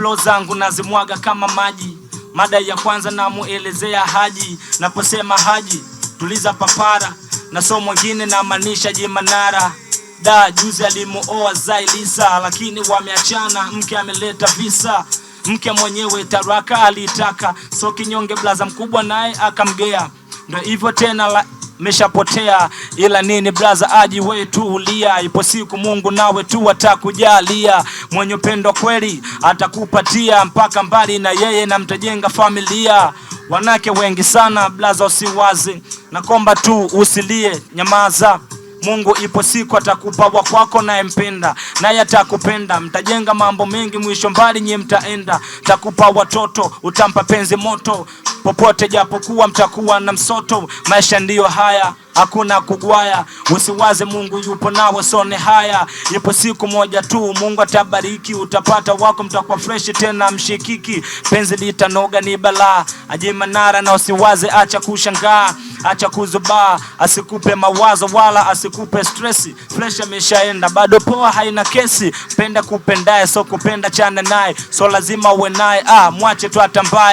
flow zangu nazimwaga kama maji. Mada ya kwanza namuelezea Haji, naposema Haji tuliza papara na so mwingine namaanisha Jimanara. Da, juzi alimuoa Zailisa, lakini wameachana, mke ameleta visa mke mwenyewe taraka aliitaka, so kinyonge blaza mkubwa naye akamgea, ndo hivyo tena la meshapotea ila nini braza, aji we tu ulia, ipo siku Mungu nawe tu atakujalia, mwenye upendo kweli atakupatia mpaka mbali na yeye na mtajenga familia. Wanake wengi sana braza, usiwazi na komba tu usilie, nyamaza. Mungu ipo siku atakupa wa kwako, naye mpenda naye atakupenda, mtajenga mambo mengi, mwisho mbali nyie mtaenda. Takupa watoto utampa penzi moto, popote, japokuwa mtakuwa na msoto. Maisha ndiyo haya, hakuna kugwaya, usiwaze, Mungu yupo nawe, sone haya. Ipo siku moja tu Mungu atabariki, utapata wako, mtakuwa fresh tena mshikiki, penzi litanoga, ni balaa ajima nara na usiwaze, acha kushangaa acha kuzubaa, asikupe mawazo wala asikupe stresi. Fresh ameshaenda, bado poa, haina kesi. Penda kupendaye, so kupenda chana naye, so lazima uwe naye. Ah, mwache tu atambaye